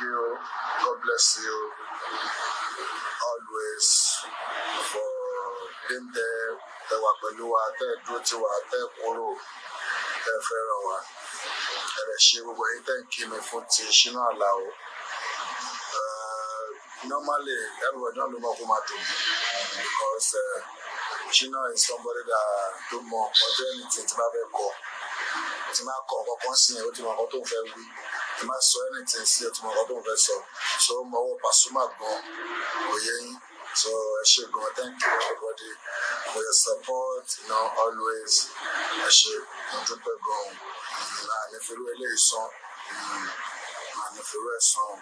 you. God bless you always for being there. Tẹ wà pẹ̀lú wa, tẹ dúró ti wa, tẹ kúrò, tẹ fẹ́ràn wa. Ẹ lè ṣe gbogbo yín tẹ̀ ń kí mi fún ti ṣínú àlá o. Normally, everybody don look up to me because uh, Shina is somebody that do more. But then, it's bá fẹ́ kọ. Tí máa kọ̀ ọ̀kọ̀ọ̀kan sí yẹn, ó ti mọ ọkọ̀ tó ń fẹ́ wí ẹ sọ anything ẹ tó mọ ọdún fẹ́ sọ so mo wọ Pasuma gan òye yín so ẹ ṣé gan thank you everybody for your support you know always ẹ ṣé mo dúpẹ́ gan ìlà ànífẹ́rú eléyìí sàn ànífẹ́rú ẹ̀sán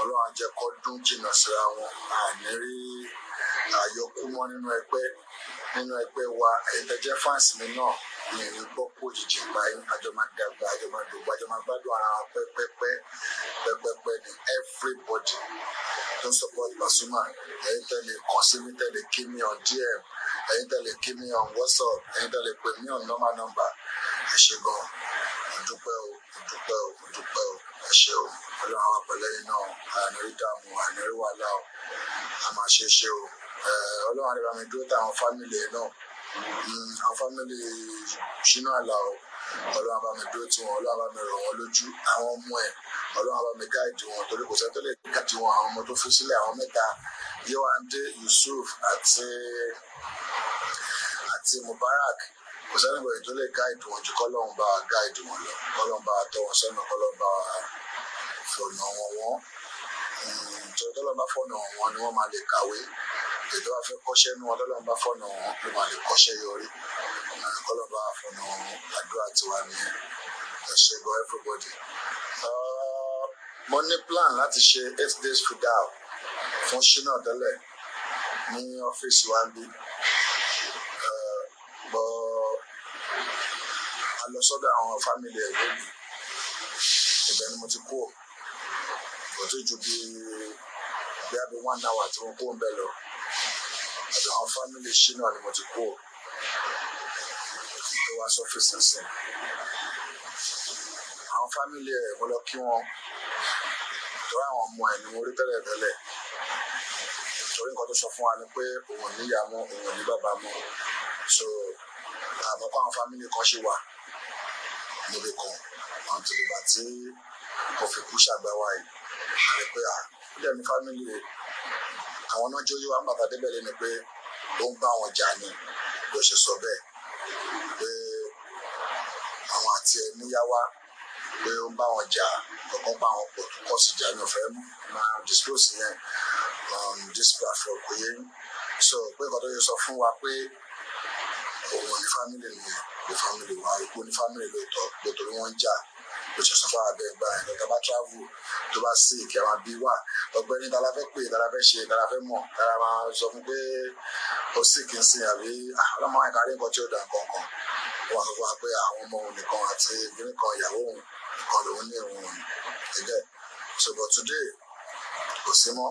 ọlọ́run àjẹkọ́ dún jìnnà síra wọn àní rí àyọkú mọ́ nínú ẹgbẹ́ nínú ẹgbẹ́ wa ẹ̀ẹ́dẹ̀jẹ́ fáǹsì mi náà lẹ́yìn gbọ́ kó jìjì gba yín àjọ máa dàgbà àjọ máa dògbà ara wa pẹ́pẹ́pẹ́ ni everybody tó support Pasuma ẹ̀yin tẹ́lẹ̀ kàn sí mi tẹ́lẹ̀ kí mi on DM ẹ̀yin tẹ́lẹ̀ kí mi on WhatsApp ẹ̀yin tẹ́lẹ̀ pè mí on normal number ẹ ṣé gan mo dúpẹ́ o mo dúpẹ́ o mo dúpẹ́ o ẹ ṣé o ọlọ́run àwọn apẹ̀lẹ́yìn náà ànírí dààmú ànírí wàhálà o a máa ṣe é ṣe o ọlọ́run àdébàmí dúró táwọn fámìlì ẹ̀ náà àwọn fámìlì Ṣínà Àlàó ọlọ́run bá mi dúró tí wọn ọlọ́run bá mi ràn wọ́n lójú àwọn ọmọ ẹ̀ ọlọ́run bá mi gáàdì wọn torí kò sẹ́ńtọ́ lè gáàdì wọn àwọn ọmọ tó fi sílẹ̀ àwọn mẹ́ta Yéwándé Yusuf àti àti Mubarak kò sẹ́ni bẹ̀rẹ̀ tó lè gáàdì wọn ju kọ́lọ́run bá gáàdì wọn lọ kọ́lọ́run bá tọ́ wọn sọ́nà kọ́lọ́run mm, bá fọ̀nà wọn wọn torí kọ́lọ́run bá fọ̀nà wọn ni wọ́n máa lè kàwé ètò wa fẹ́ kọ́ṣẹ́ nu ọlọ́run bá fọ̀nà ló máa lè kọ́ṣẹ́ yọrí ọlọ́run bá fọ̀nà àdúrà tiwa ní ẹ̀ṣẹ̀ gan everybody. mo ní plan láti ṣe eight days fidal fún Ṣínà Ọ̀dẹ́lẹ̀ ní ọ́fíìsì wa bí bọ́ a àwọn fámìlì ẹ̀ lónìí ibẹ̀ ni mo ti kú ò kò tó ju bíi bí a bí one hour tí mo kú ń bẹ̀ lọ àwọn fámìlì ṣí náà ni mo ti kú ò tó wá sọ́fíìsì sìn àwọn fámìlì ẹ̀ mo lọ kí wọn torí àwọn ọmọ ẹ̀ ni mo rí tẹ́lẹ̀ tẹ́lẹ̀ torí nǹkan tó sọ fún wa ni pé òun níyà mọ́ òun ní bàbá mọ́ so àmọ́ kó àwọn fámìlì kan ṣe wà níbi kan àwọn tìlùbà tí kò fi kú ṣàgbá wa yìí a rí pé à ó dẹ̀ ní fámìlì rẹ̀ àwọn náà jó yíwá bàbá débẹ̀lẹ̀ ni pé ó ń bá wọn jà ni ló ṣe sọ bẹ́ẹ̀ pé àwọn àti ẹmúyáwá pé ó ń bá wọn jà ọ̀kan pa àwọn pọ̀ tó kọ́ sí ní ọ̀fẹ́ máa disclose yẹn on this platform kò so pé nǹkan tó yẹ sọ fún wa pé òun ní family ni ní family wa ikú ní family lóòótọ́ lóòótọ́ ni wọ́n ń jà which is far abẹ́ gba ẹ̀ tó bá travel tó bá sick ẹ̀ máa bí wà ọgbẹ́ni tala fẹ́ pè tala fẹ́ ṣe tala fẹ́ mọ̀ tala máa sọ fún pé ó sick ń sìn àbí ọlọ́mọ àìkà rí nǹkan tí ó dà kankan wọn sọ fún wa pé àwọn ọmọ òun nìkan àti nìkan ìyàwó òun nìkan lòun ní òun ẹgbẹ́ so but today kò sí mọ́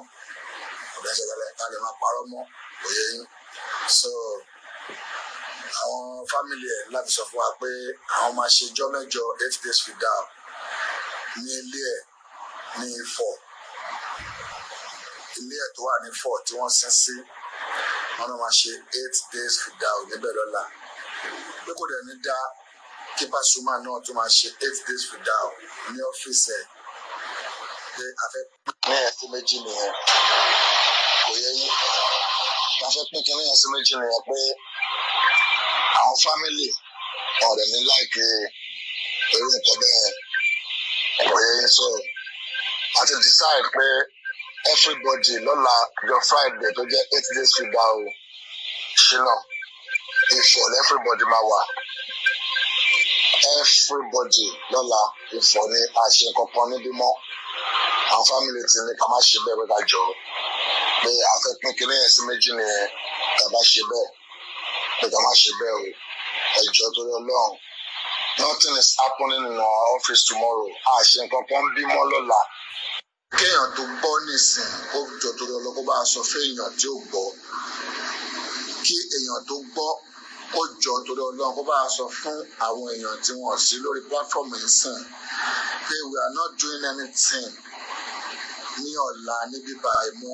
ọ̀dọ́ ìṣẹ̀lẹ̀ ká lè máa parọ́ mọ́ òye yín so àwọn fámìlì ẹ̀ láti sọ fún wa pé àwọn máa ṣe jọ́ mẹ́jọ eight days fidal ní ilé ẹ̀ ní Ifọ̀ ilé ẹ̀ tó wà ní Ifọ̀ tí wọ́n sin sí wọn náà máa ṣe eight days fidal níbẹ̀ lọ́la pé kò dẹ̀ ní dá kípa suma náà tó máa ṣe eight days fidal ní ọ́fíìsì ẹ̀ pé a fẹ́ pín ẹ̀ méjì nìyẹn kò yẹ yín a fẹ́ pín kínní ẹ̀ méjì nìyẹn pé àwọn fámìlì ọ̀rẹ́ mi láìpẹ́ eré nǹkan bẹ́ẹ̀ kò yẹ sọ a decide pé everybody lọ́la jọ Friday tó jẹ́ eight days fìdá o ṣìnà ìfọ̀ everybody máa wà everybody lọ́la ìfọ̀ ni àṣẹ kankan níbí mọ́ àwọn fámìlì ti ní ká má ṣe bẹ́ẹ̀ bẹ́ẹ̀ ká jọ pé a fẹ́ pín kinní sí méjì nìyẹn ká bá ṣe bẹ́ẹ̀ pé má ṣe bẹ́ẹ̀ o ẹjọ́ torí ọlọ́run nothing is happening in our office tomorrow àṣẹ nǹkan kan bímọ lọ́la kéèyàn tó gbọ́ nísìn ó jọ torí ọlọ́kọ́ bá sọ fún èèyàn tí ó gbọ́ kí èèyàn tó gbọ́ ó jọ torí ọlọ́run kó bá sọ fún àwọn èèyàn tí wọ́n sí lórí platform yìí pé we are not doing anything ní ọ̀la níbí báyìí mú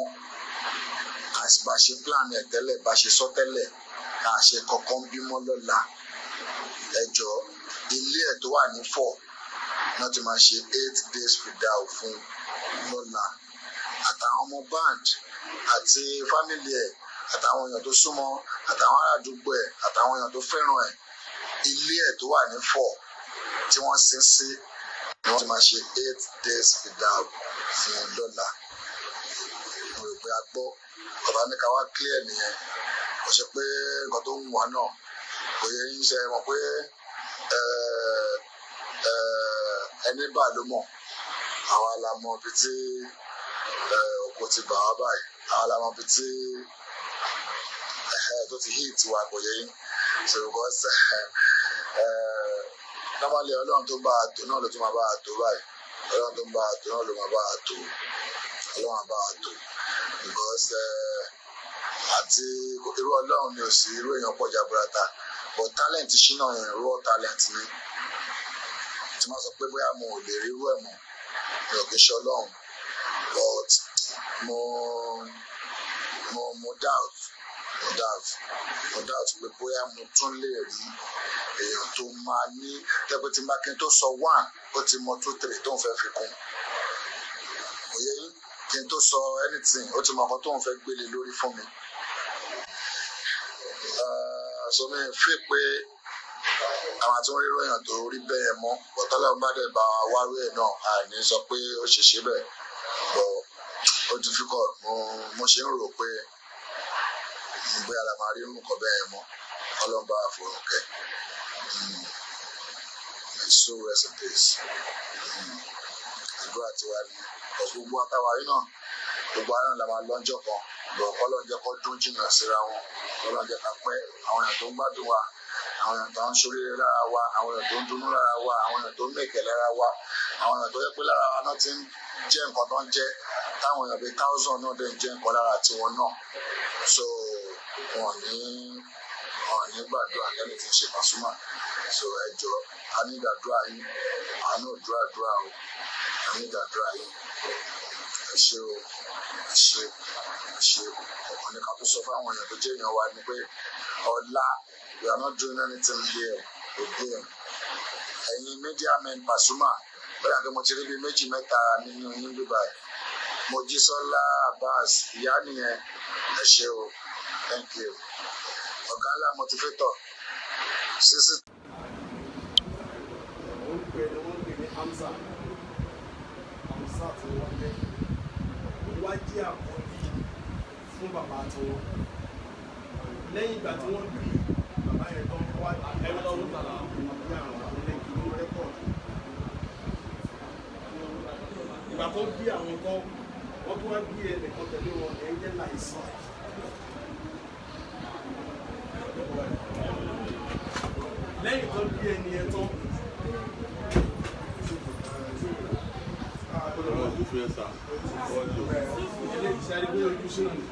àṣìbáṣe plan ẹ̀ tẹ́lẹ̀ bá ṣe sọ tẹ́lẹ̀. So àṣẹ kankan bímọ lọ́la ẹjọ́ ilé ẹ̀ tó wà ní four náà ti máa ṣe eight days fidau fún lọ́la àtàwọn ọmọ band àti fámìlì ẹ̀ àtàwọn èèyàn tó súnmọ́ àtàwọn ará ẹ̀ àtàwọn èèyàn tó fẹ́ràn ẹ̀ ilé ẹ̀ tó wà ní four tí wọ́n sin sí ni wọ́n ti máa ṣe eight days fidau fún lọ́la mo rò pé a gbọ́ bàbá mi ká wá clear nìyẹn kò ṣe pé nǹkan tó ń wà náà kò yẹ yín ṣe mọ̀ pé ẹni bá ló mọ̀ àwa la mọ̀ ibi tí òkú ti bà wá báyìí àwa la mọ̀ ibi tí tó ti hit wa kò yẹ yín so because normally ọlọ́run tó bá a tó náà ló tún máa bá a tó báyìí ọlọ́run tó ń bá a tó náà ló máa bá a tó ọlọ́run bá a tó because. Uh, àti irú ọlọ́run ni ò sí irú èèyàn pọ̀ jaburata but talent ṣínà yẹn raw talent ni tí wọ́n sọ pé bóyá mo ò lè rí irú ẹ̀ mọ́ mi ò ṣe ọlọ́run but mo mo mo doubt mo doubt mo doubt pé bóyá mo tún lè rí èèyàn tó máa ní tẹ́pẹ́tì mákin tó sọ one ó ti mọ two three tó ń fẹ́ fi kún òye yín kí n tó sọ anything ó ti mọ ọkọ tó ń fẹ́ gbélé lórí fún mi àṣọ mi fi pé àwọn àti wọn rí ròyìn tó rí bẹ́ẹ̀ mọ́ bọ́tọ́lá bá dẹ̀ bá wáwé ẹ̀ náà àní sọ pé ó ṣe ṣe bẹ́ẹ̀ bọ́ ó difficult mo mo ṣe ń rò pé bóyá la máa rí nǹkan bẹ́ẹ̀ mọ́ ọlọ́run bá fòrùn kẹ́ mm. so rest in peace mm. àdúrà tiwa ni ọ̀gbọ́n àtàwárí náà gbogbo àná la máa lọ́njọ́ kan lọ́wọ́ kọ́ lọ́njọ́ dún jìnnà síra wọn kọ́ lọ́njọ́ pẹ́ àwọn èèyàn tó ń gbádùn wa àwọn èèyàn tó ń ṣoríire lára wa àwọn èèyàn tó ń dunnú lára wa àwọn èèyàn tó ń mèkè lára wa àwọn èèyàn tó yẹ pé lára wa náà ti ń jẹ́ nǹkan tó ń jẹ́ táwọn èèyàn bíi thousand náà dẹ̀ ń jẹ́ nǹkan lára tiwọn náà so wọn ní wọn ní gbàdúrà lẹ́nu tí ṣe pàṣúmà so ẹ a ní gbàdúrà yín àánú òdúrà o a ní gbàdúrà yín ẹ ṣe o ẹ ṣe ẹ ṣe ọkàn ní kàtó sọ fáwọn èèyàn tó jẹ́ èèyàn wa ni pé ọ̀la we are not doing anything there again ẹ̀yin media men Pasuma bẹ́ẹ̀ àti mo ti rí bí méjì mẹ́ta nínú yín bíbá yìí Mojísọ́lá Abbas ìyá nìyẹn ẹ ṣe o thank you ọ̀gá ńlá motivator sísítì. jẹ́ àkọ́bí fún bàbá tiwọn lẹ́yìn ìgbà tí wọ́n bí bàbá yẹn tó ń wá ẹ̀rọ tó ń tàlà ní àwọn ẹlẹ́gbẹ̀ẹ́ ló rẹ́kọ̀dù ìgbà tó bí àwọn tó wọ́n tó wá bí ẹnìkan tẹ̀lé wọn ẹ̀ ń jẹ́ láìsàn. lẹ́yìn tó bí ẹni ẹ̀ tán mo fẹ́ sà ọjọ́ eléyìí sáré pé ojú sínú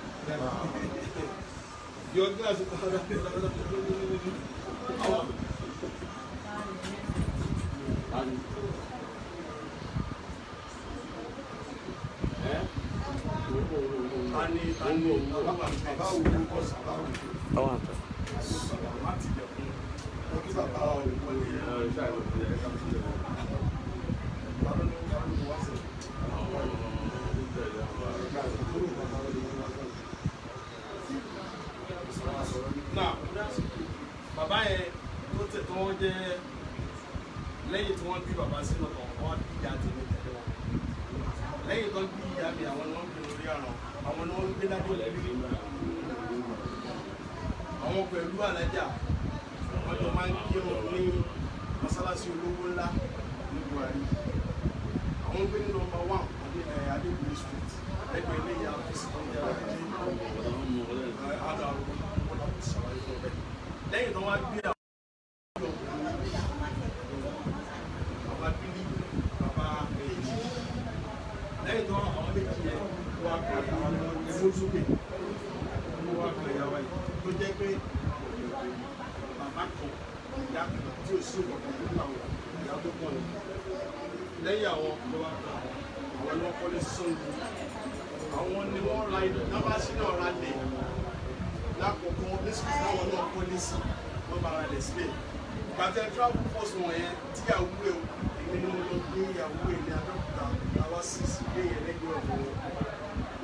lẹ́yìn tí wọ́n bí bàbá sínú kan wọ́n bí ìyá tèmi tẹ̀lé wọn lẹ́yìn tó ń bí ìyá mi àwọn ni wọ́n ń gbé lórí àrùn àwọn ni wọ́n ń gbé ládé lẹ́rí àwọn pẹ̀lú alájà wọ́n jọ máa ń kírun ní mọ́sálásí olówó ńlá ní Buhari àwọn gbé ní nọ́mbà wán Adékùnrin street ẹgbẹ́ ilé ìyá ọ́fíìsì tó lẹ́yìn tó wá gbé dúró sókè owó wa kan ìyá yìí tó jẹ́ pé bàbá kan ìyá tí ò sí ọ̀kan tó gbà wọ̀ ìyá tó pọ̀ ní. lẹ́yìn àwọn ọ̀pọ̀ wa kan àwọn ọlọ́kọ́lé sọ́ọ̀nù àwọn ni wọ́n ra ilẹ̀ lábàásí náà ra lẹ̀ lákòókò lẹ́sùn táwọn náà kọ́ lẹ́sìn wọ́n bára lẹ̀ sílẹ̀ gbàtẹ́ travel force wọ̀nyẹn tí àwúrẹ́ o èmi ìyàwó èmi adókùtà àwa sì sí ilé yẹn lẹ́gbẹ̀ẹ́ ọ̀pọ̀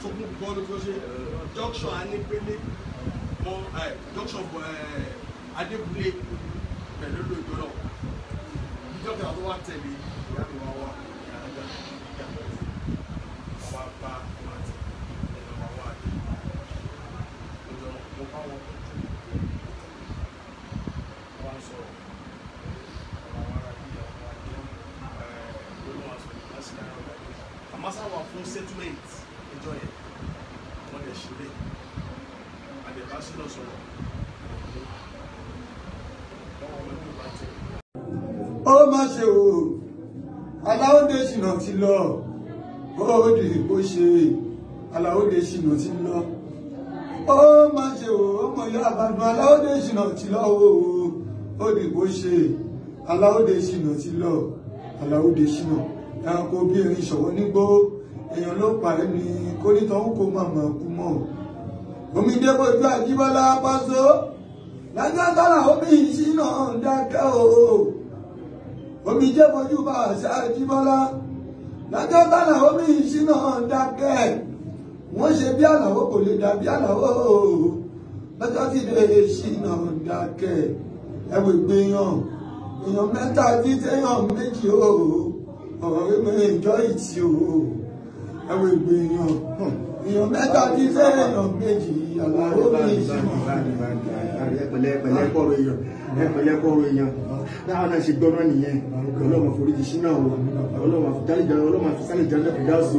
sókún gan ló ṣe junction anipele mọ junction adébúlé pẹ̀lú ló ìjọ náà a tó wá tẹ̀lé ìyá mi wá wá ìyá mi ìyá mi wá bá wá tẹ̀ ẹ̀rọ wá wá dé ìjọ mo bá wọn wá sọ̀rọ̀. Amasa wà fún settlement níjọ́ yẹn wọ́n lè ṣílẹ̀ àdèbá sílọ̀ sọ̀rọ̀ lọ́wọ́ ọmọ ẹgbẹ́ bá tẹ̀. ó má ṣe o Aláò Dèṣínà ti lọ ó di bó ṣe Aláò Dèṣínà ti lọ ó má ṣe o ọmọ ìyá àbàdàn Aláò Dèṣínà ti lọ o ó di bó ṣe Aláò Dèṣínà ti lọ Aláò Dèṣínà ẹranko bí erin ṣọ̀wọ́ nígbó èèyàn ló parí ni kórìtàn ń kó mọ̀mọ́ kú mọ́ o omidé bojú àjíbọ́lá pásó lágbàtàrà omi ìṣínà dákẹ́ o omidé bojú bá àṣà àjíbọ́lá lágbàtàrà omi ìṣínà dákẹ́ wọ́n ṣe bí àlàó kò lè dàbí àlàó lọ́jọ́ tí ilé ìṣínà dákẹ́ ẹ̀wò ìgbéyàn èèyàn mẹ́ta títẹ́yàn méjì o ọ̀rọ̀ mi ìjọ ìtì o ẹwọ ìgbé èèyàn èèyàn mẹ́ta ti fẹ́ èèyàn méjì àlàó mi ìṣẹ̀mọ̀. ẹpẹ̀lẹ́ kọ̀rọ̀ èèyàn ẹpẹ̀lẹ́ kọ̀rọ̀ èèyàn dáhùn náà ṣe gbọ́nà nìyẹn ọlọ́mọ foríjì sínú àwọn ọlọ́mọ àfidáríjà ọlọ́mọ àfisálẹ̀ ìjà náà fìdá sí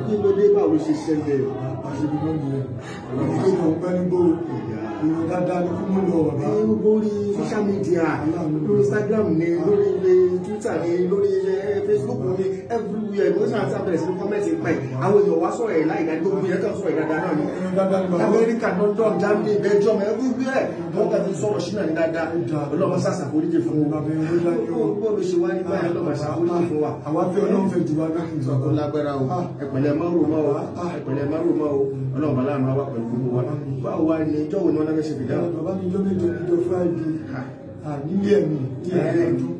i kí ló dé báwo ṣe ṣẹlẹ̀. àṣìbí náà nìyẹn ọ̀pẹ́ nígbò ìròyìn dáadáa ní kúmọ̀ ní ọ̀rọ̀ bá. ní lórí social media lórí instagram ni lórí twitter ni lórí eh, facebook ni everywhere mo ṣáà ti abẹ̀rẹ̀ sí ní kọ́mẹ́ǹtì pa ẹ̀ àwọn èèyàn wá sọ̀rọ̀ ẹ̀ láì dájú gbogbo yẹn kan sọ̀rọ̀ ìdáadáa náà ni. amẹ́ríkà london germany belgium everywhere wọ́n kàn fi sọ̀rọ̀ ṣínà ní dáadáa ọlọ́run sàṣà foríjì fún wa. bọ́ọ̀lù ṣe wá ní báyìí ọlọ́run sàṣà foríjì fún wa. àwa fẹ́ ọlọ́run fẹ́ jù wá ah. ah. lọ́kùnrin. ọ̀pọ̀lọpọ̀ lọ́jọ́ ṣe fìdáwò. bàbá mi jọ méje níjọ fúráìdì nílé ẹ̀mí ní ẹ̀mí ọdún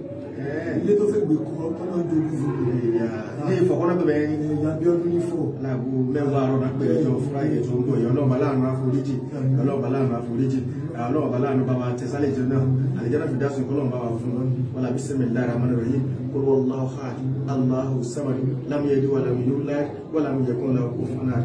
ilé tó fẹ́ gbé kọ́ ọmọ ìjọ ojú ní ìfọ̀kọ́nàtọ̀ bẹ̀rẹ̀ ní abíọ́dún ní fò láàbò mẹ́wàá rọ̀ lápẹ̀ ẹjọ́ fúráyé tó ń bọ̀ yọ ọlọ́ọ̀bà láàánú àforíjì ọlọ́ọ̀bà láàánú àforíjì ọlọ́ọ̀bà láàánú bá wa tẹ sálẹ̀ ìjọ náà àlejò náà fi dá sun kọ́lọ́ọ̀bà wa fún wọn làbí sẹ́mi lára mọ́nà rẹ̀ yìí kúrò Allahu ahad Allahu samad lam yalid wa lam yulad wa lam yakun lahu kufuwan ahad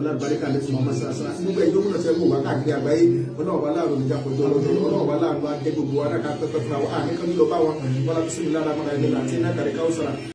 ọlábàríkà ní tìmọ̀ mọ́sáàsá gbogbo ẹ̀yọ́ múnà tẹ́ mọ̀ wá káàkiri àgbáyé ọlọ́ọ̀bá láàrùn ìjà kọjọ lọ́jọ́ ọlọ́ọ̀bá láàrùn adé gbogbo arákà pẹ́pẹ́ fúnra wọn àníkan lílọ bá wọn wọn lábísí mi lára mọ́ra ẹni láti iná kàríkà ó sara